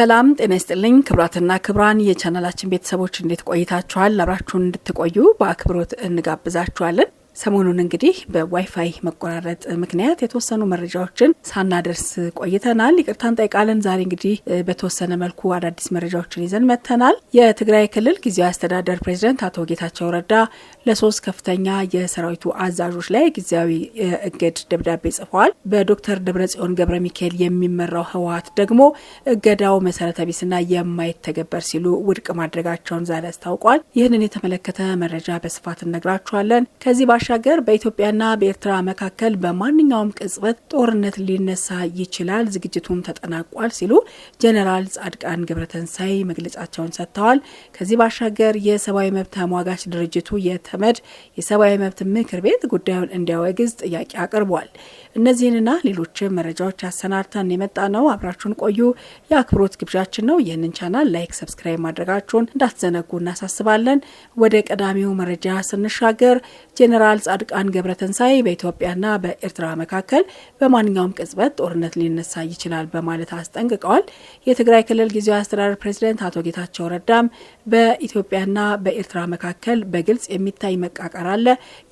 ሰላም ጤና ይስጥልኝ ክብራትና ክብራን የቻናላችን ቤተሰቦች እንዴት ቆይታችኋል? አብራችሁን እንድትቆዩ በአክብሮት እንጋብዛችኋለን። ሰሞኑን እንግዲህ በዋይፋይ መቆራረጥ ምክንያት የተወሰኑ መረጃዎችን ሳናደርስ ቆይተናል። ይቅርታን ጠይቃለን። ዛሬ እንግዲህ በተወሰነ መልኩ አዳዲስ መረጃዎችን ይዘን መጥተናል። የትግራይ ክልል ጊዜያዊ አስተዳደር ፕሬዚደንት አቶ ጌታቸው ረዳ ለሶስት ከፍተኛ የሰራዊቱ አዛዦች ላይ ጊዜያዊ እገድ ደብዳቤ ጽፈዋል። በዶክተር ደብረጽዮን ገብረ ሚካኤል የሚመራው ህወሀት ደግሞ እገዳው መሰረተ ቢስና የማይተገበር ሲሉ ውድቅ ማድረጋቸውን ዛሬ አስታውቋል። ይህንን የተመለከተ መረጃ በስፋት እነግራችኋለን ከዚህ ባሻገር በኢትዮጵያና በኤርትራ መካከል በማንኛውም ቅጽበት ጦርነት ሊነሳ ይችላል፣ ዝግጅቱም ተጠናቋል ሲሉ ጀኔራል ጻድቃን ገብረተንሳይ መግለጫቸውን ሰጥተዋል። ከዚህ ባሻገር የሰብአዊ መብት ተሟጋች ድርጅቱ የተመድ የሰብአዊ መብት ምክር ቤት ጉዳዩን እንዲያወግዝ ጥያቄ አቅርቧል። እነዚህንና ሌሎች መረጃዎች አሰናድተን የመጣ ነው። አብራችሁን ቆዩ የአክብሮት ግብዣችን ነው። ይህንን ቻናል ላይክ፣ ሰብስክራይብ ማድረጋችሁን እንዳትዘነጉ እናሳስባለን። ወደ ቀዳሚው መረጃ ስንሻገር ጄኔራል ጻድቃን ገብረተንሳይ በኢትዮጵያና በኤርትራ መካከል በማንኛውም ቅጽበት ጦርነት ሊነሳ ይችላል በማለት አስጠንቅቀዋል። የትግራይ ክልል ጊዜያዊ አስተዳደር ፕሬዚደንት አቶ ጌታቸው ረዳም በኢትዮጵያና በኤርትራ መካከል በግልጽ የሚታይ መቃቀር አለ።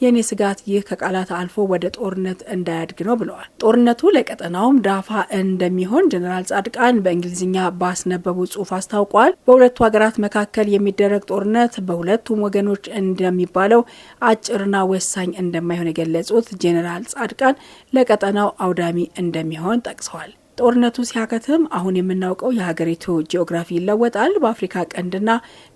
የእኔ ስጋት ይህ ከቃላት አልፎ ወደ ጦርነት እንዳያድግ ነው ነው ብለዋል። ጦርነቱ ለቀጠናውም ዳፋ እንደሚሆን ጀኔራል ጻድቃን በእንግሊዝኛ ባስነበቡ ጽሁፍ አስታውቋል። በሁለቱ ሀገራት መካከል የሚደረግ ጦርነት በሁለቱም ወገኖች እንደሚባለው አጭርና ወሳኝ እንደማይሆን የገለጹት ጀኔራል ጻድቃን ለቀጠናው አውዳሚ እንደሚሆን ጠቅሰዋል። ጦርነቱ ሲያከትም አሁን የምናውቀው የሀገሪቱ ጂኦግራፊ ይለወጣል። በአፍሪካ ቀንድና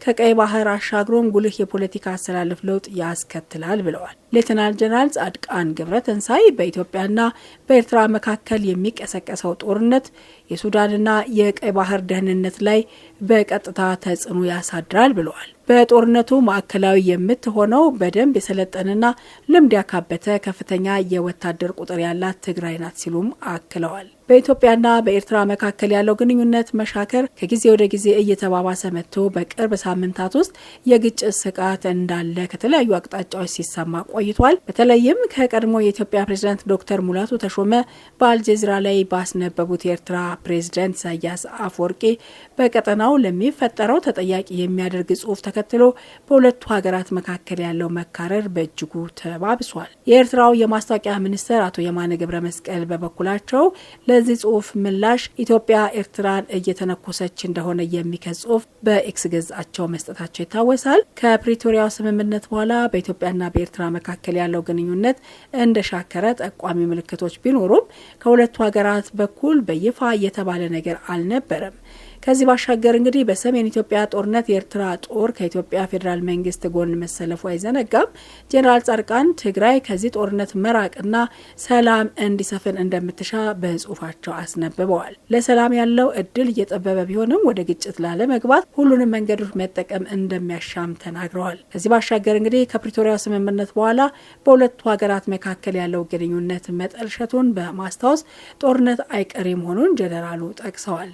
ከቀይ ባህር አሻግሮም ጉልህ የፖለቲካ አሰላለፍ ለውጥ ያስከትላል ብለዋል ሌተናል ጀነራል ጻድቃን ገብረ ትንሳኤ በኢትዮጵያና በኤርትራ መካከል የሚቀሰቀሰው ጦርነት የሱዳንና የቀይ ባህር ደህንነት ላይ በቀጥታ ተጽዕኖ ያሳድራል ብለዋል። በጦርነቱ ማዕከላዊ የምትሆነው በደንብ የሰለጠንና ልምድ ያካበተ ከፍተኛ የወታደር ቁጥር ያላት ትግራይ ናት ሲሉም አክለዋል። በኢትዮጵያና በኤርትራ መካከል ያለው ግንኙነት መሻከር ከጊዜ ወደ ጊዜ እየተባባሰ መጥቶ በቅርብ ሳምንታት ውስጥ የግጭት ስጋት እንዳለ ከተለያዩ አቅጣጫዎች ሲሰማ ቆይቷል። በተለይም ከቀድሞ የኢትዮጵያ ፕሬዝዳንት ዶክተር ሙላቱ ተሾመ በአልጀዚራ ላይ ባስነበቡት የኤርትራ ፕሬዝደንት ኢሳያስ አፈወርቂ በቀጠናው ለሚፈጠረው ተጠያቂ የሚያደርግ ጽሁፍ ተከትሎ በሁለቱ ሀገራት መካከል ያለው መካረር በእጅጉ ተባብሷል። የኤርትራው የማስታወቂያ ሚኒስትር አቶ የማነ ገብረ መስቀል በበኩላቸው ለዚህ ጽሁፍ ምላሽ ኢትዮጵያ ኤርትራን እየተነኮሰች እንደሆነ የሚከስ ጽሁፍ በኤክስ ገጻቸው መስጠታቸው ይታወሳል። ከፕሪቶሪያው ስምምነት በኋላ በኢትዮጵያና በኤርትራ መካከል ያለው ግንኙነት እንደሻከረ ጠቋሚ ምልክቶች ቢኖሩም ከሁለቱ ሀገራት በኩል በይፋ የተባለ ነገር አልነበረም። ከዚህ ባሻገር እንግዲህ በሰሜን ኢትዮጵያ ጦርነት የኤርትራ ጦር ከኢትዮጵያ ፌዴራል መንግስት ጎን መሰለፉ አይዘነጋም። ጄኔራል ጻድቃን ትግራይ ከዚህ ጦርነት መራቅና ሰላም እንዲሰፍን እንደምትሻ በጽሁፋቸው አስነብበዋል። ለሰላም ያለው እድል እየጠበበ ቢሆንም ወደ ግጭት ላለመግባት ሁሉንም መንገዶች መጠቀም እንደሚያሻም ተናግረዋል። ከዚህ ባሻገር እንግዲህ ከፕሪቶሪያ ስምምነት በኋላ በሁለቱ ሀገራት መካከል ያለው ግንኙነት መጠልሸቱን በማስታወስ ጦርነት አይቀሬ መሆኑን ጄኔራሉ ጠቅሰዋል።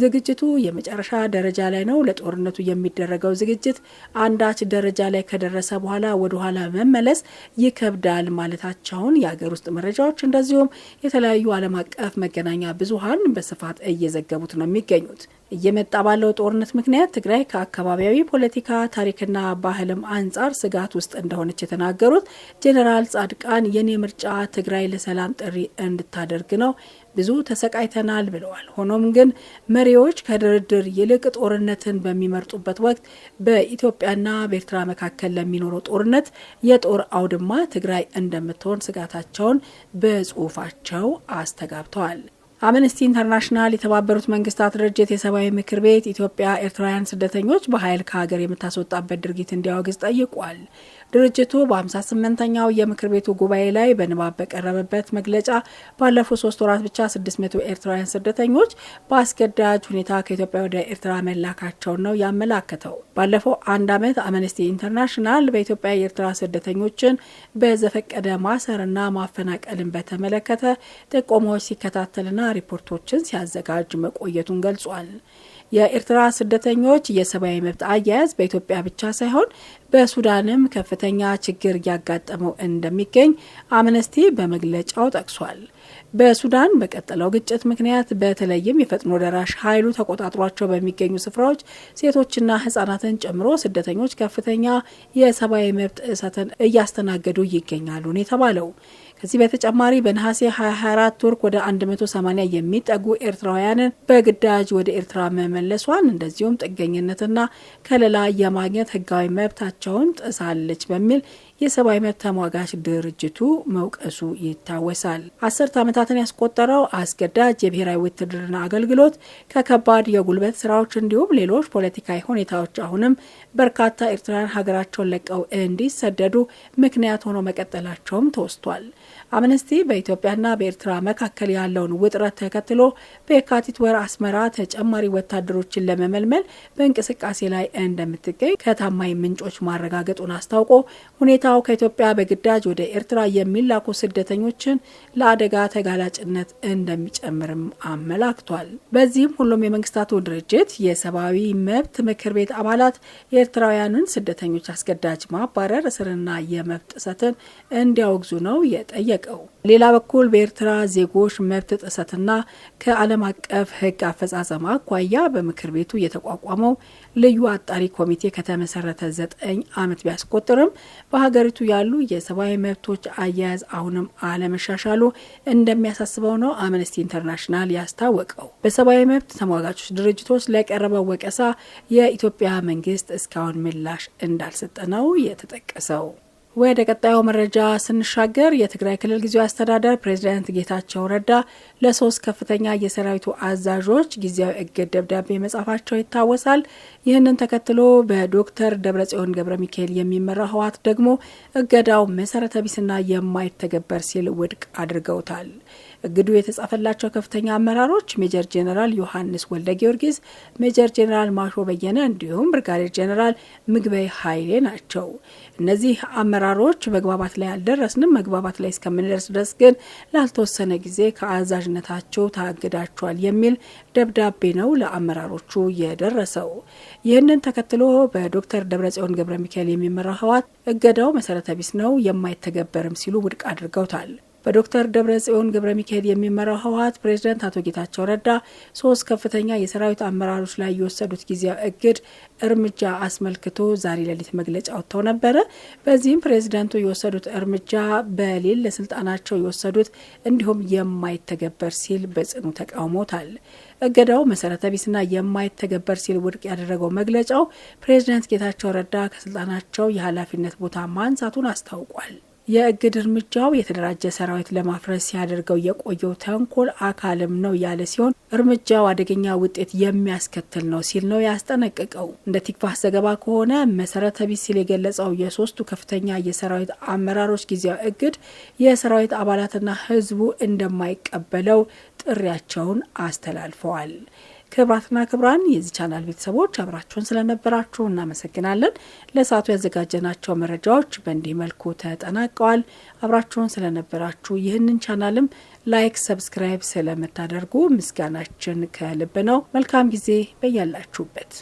ዝግጅቱ የመጨረሻ ደረጃ ላይ ነው። ለጦርነቱ የሚደረገው ዝግጅት አንዳች ደረጃ ላይ ከደረሰ በኋላ ወደ ኋላ መመለስ ይከብዳል ማለታቸውን የሀገር ውስጥ መረጃዎች እንደዚሁም የተለያዩ ዓለም አቀፍ መገናኛ ብዙሃን በስፋት እየዘገቡት ነው የሚገኙት። እየመጣ ባለው ጦርነት ምክንያት ትግራይ ከአካባቢያዊ ፖለቲካ ታሪክና ባህልም አንጻር ስጋት ውስጥ እንደሆነች የተናገሩት ጄኔራል ጻድቃን የኔ ምርጫ ትግራይ ለሰላም ጥሪ እንድታደርግ ነው ብዙ ተሰቃይተናል ብለዋል። ሆኖም ግን መሪዎች ከድርድር ይልቅ ጦርነትን በሚመርጡበት ወቅት በኢትዮጵያና በኤርትራ መካከል ለሚኖረው ጦርነት የጦር አውድማ ትግራይ እንደምትሆን ስጋታቸውን በጽሁፋቸው አስተጋብተዋል። አምነስቲ ኢንተርናሽናል፣ የተባበሩት መንግስታት ድርጅት የሰብአዊ ምክር ቤት ኢትዮጵያ ኤርትራውያን ስደተኞች በኃይል ከሀገር የምታስወጣበት ድርጊት እንዲያወግዝ ጠይቋል። ድርጅቱ በ58ኛው የምክር ቤቱ ጉባኤ ላይ በንባብ በቀረበበት መግለጫ ባለፉት ሶስት ወራት ብቻ 600 ኤርትራውያን ስደተኞች በአስገዳጅ ሁኔታ ከኢትዮጵያ ወደ ኤርትራ መላካቸውን ነው ያመላከተው። ባለፈው አንድ ዓመት አምነስቲ ኢንተርናሽናል በኢትዮጵያ የኤርትራ ስደተኞችን በዘፈቀደ ማሰርና ማፈናቀልን በተመለከተ ጥቆማዎች ሲከታተልና ሪፖርቶችን ሲያዘጋጅ መቆየቱን ገልጿል። የኤርትራ ስደተኞች የሰብአዊ መብት አያያዝ በኢትዮጵያ ብቻ ሳይሆን በሱዳንም ከፍተኛ ችግር እያጋጠመው እንደሚገኝ አምነስቲ በመግለጫው ጠቅሷል። በሱዳን በቀጠለው ግጭት ምክንያት በተለይም የፈጥኖ ደራሽ ኃይሉ ተቆጣጥሯቸው በሚገኙ ስፍራዎች ሴቶችና ሕጻናትን ጨምሮ ስደተኞች ከፍተኛ የሰብአዊ መብት ጥሰትን እያስተናገዱ ይገኛሉ ነው የተባለው። ከዚህ በተጨማሪ በነሐሴ 24 ቱርክ ወደ 180 የሚጠጉ ኤርትራውያንን በግዳጅ ወደ ኤርትራ መመለሷን እንደዚሁም ጥገኝነትና ከለላ የማግኘት ህጋዊ መብታቸውን ጥሳለች በሚል የሰብአዊ መብት ተሟጋች ድርጅቱ መውቀሱ ይታወሳል። አስርት ዓመታትን ያስቆጠረው አስገዳጅ የብሔራዊ ውትድርና አገልግሎት ከከባድ የጉልበት ስራዎች እንዲሁም ሌሎች ፖለቲካዊ ሁኔታዎች አሁንም በርካታ ኤርትራውያን ሀገራቸውን ለቀው እንዲሰደዱ ምክንያት ሆኖ መቀጠላቸውም ተወስቷል። አምነስቲ በኢትዮጵያና በኤርትራ መካከል ያለውን ውጥረት ተከትሎ በየካቲት ወር አስመራ ተጨማሪ ወታደሮችን ለመመልመል በእንቅስቃሴ ላይ እንደምትገኝ ከታማኝ ምንጮች ማረጋገጡን አስታውቆ ሁኔታው ከኢትዮጵያ በግዳጅ ወደ ኤርትራ የሚላኩ ስደተኞችን ለአደጋ ተጋላጭነት እንደሚጨምርም አመላክቷል። በዚህም ሁሉም የመንግስታቱ ድርጅት የሰብአዊ መብት ምክር ቤት አባላት የኤርትራውያንን ስደተኞች አስገዳጅ ማባረር፣ እስርና የመብት ጥሰትን እንዲያወግዙ ነው የጠየቀ ጠየቀው። ሌላ በኩል በኤርትራ ዜጎች መብት ጥሰትና ከዓለም አቀፍ ሕግ አፈጻጸም አኳያ በምክር ቤቱ የተቋቋመው ልዩ አጣሪ ኮሚቴ ከተመሰረተ ዘጠኝ ዓመት ቢያስቆጥርም በሀገሪቱ ያሉ የሰብአዊ መብቶች አያያዝ አሁንም አለመሻሻሉ እንደሚያሳስበው ነው አምነስቲ ኢንተርናሽናል ያስታወቀው። በሰብአዊ መብት ተሟጋቾች ድርጅቶች ለቀረበው ወቀሳ የኢትዮጵያ መንግስት እስካሁን ምላሽ እንዳልሰጠ ነው የተጠቀሰው። ወደ ቀጣዩ መረጃ ስንሻገር የትግራይ ክልል ጊዜያዊ አስተዳደር ፕሬዚዳንት ጌታቸው ረዳ ለሶስት ከፍተኛ የሰራዊቱ አዛዦች ጊዜያዊ እግድ ደብዳቤ መጻፋቸው ይታወሳል። ይህንን ተከትሎ በዶክተር ደብረጽዮን ገብረ ሚካኤል የሚመራው ህወሓት ደግሞ እገዳው መሰረተ ቢስና የማይተገበር ሲል ውድቅ አድርገውታል። እግዱ የተጻፈላቸው ከፍተኛ አመራሮች ሜጀር ጄኔራል ዮሐንስ ወልደ ጊዮርጊስ፣ ሜጀር ጄኔራል ማሾ በየነ እንዲሁም ብርጋዴር ጄኔራል ምግበይ ኃይሌ ናቸው። እነዚህ አመራሮች መግባባት ላይ አልደረስንም፣ መግባባት ላይ እስከምንደርስ ድረስ ግን ላልተወሰነ ጊዜ ከአዛዥነታቸው ታግዳቸዋል የሚል ደብዳቤ ነው ለአመራሮቹ የደረሰው። ይህንን ተከትሎ በዶክተር ደብረጽዮን ገብረ ሚካኤል የሚመራው ህወሓት እገዳው መሰረተ ቢስ ነው፣ የማይተገበርም ሲሉ ውድቅ አድርገውታል። በዶክተር ደብረ ጽዮን ገብረ ሚካኤል የሚመራው ህወሀት ፕሬዝደንት አቶ ጌታቸው ረዳ ሶስት ከፍተኛ የሰራዊት አመራሮች ላይ የወሰዱት ጊዜያዊ እግድ እርምጃ አስመልክቶ ዛሬ ሌሊት መግለጫ አውጥተው ነበረ። በዚህም ፕሬዝደንቱ የወሰዱት እርምጃ በሌል ለስልጣናቸው የወሰዱት እንዲሁም የማይተገበር ሲል በጽኑ ተቃውሞታል። እገዳው መሰረተ ቢስና የማይተገበር ሲል ውድቅ ያደረገው መግለጫው ፕሬዝደንት ጌታቸው ረዳ ከስልጣናቸው የኃላፊነት ቦታ ማንሳቱን አስታውቋል። የእግድ እርምጃው የተደራጀ ሰራዊት ለማፍረስ ሲያደርገው የቆየው ተንኮል አካልም ነው ያለ ሲሆን እርምጃው አደገኛ ውጤት የሚያስከትል ነው ሲል ነው ያስጠነቅቀው። እንደ ቲክቫህ ዘገባ ከሆነ መሰረተ ቢስ ሲል የገለጸው የሶስቱ ከፍተኛ የሰራዊት አመራሮች ጊዜያዊ እግድ የሰራዊት አባላትና ህዝቡ እንደማይቀበለው ጥሪያቸውን አስተላልፈዋል። ክብራትና ክብራን የዚህ ቻናል ቤተሰቦች አብራችሁን ስለነበራችሁ እናመሰግናለን። ለሰዓቱ ያዘጋጀናቸው መረጃዎች በእንዲህ መልኩ ተጠናቀዋል። አብራችሁን ስለነበራችሁ ይህንን ቻናልም ላይክ፣ ሰብስክራይብ ስለምታደርጉ ምስጋናችን ከልብ ነው። መልካም ጊዜ በያላችሁበት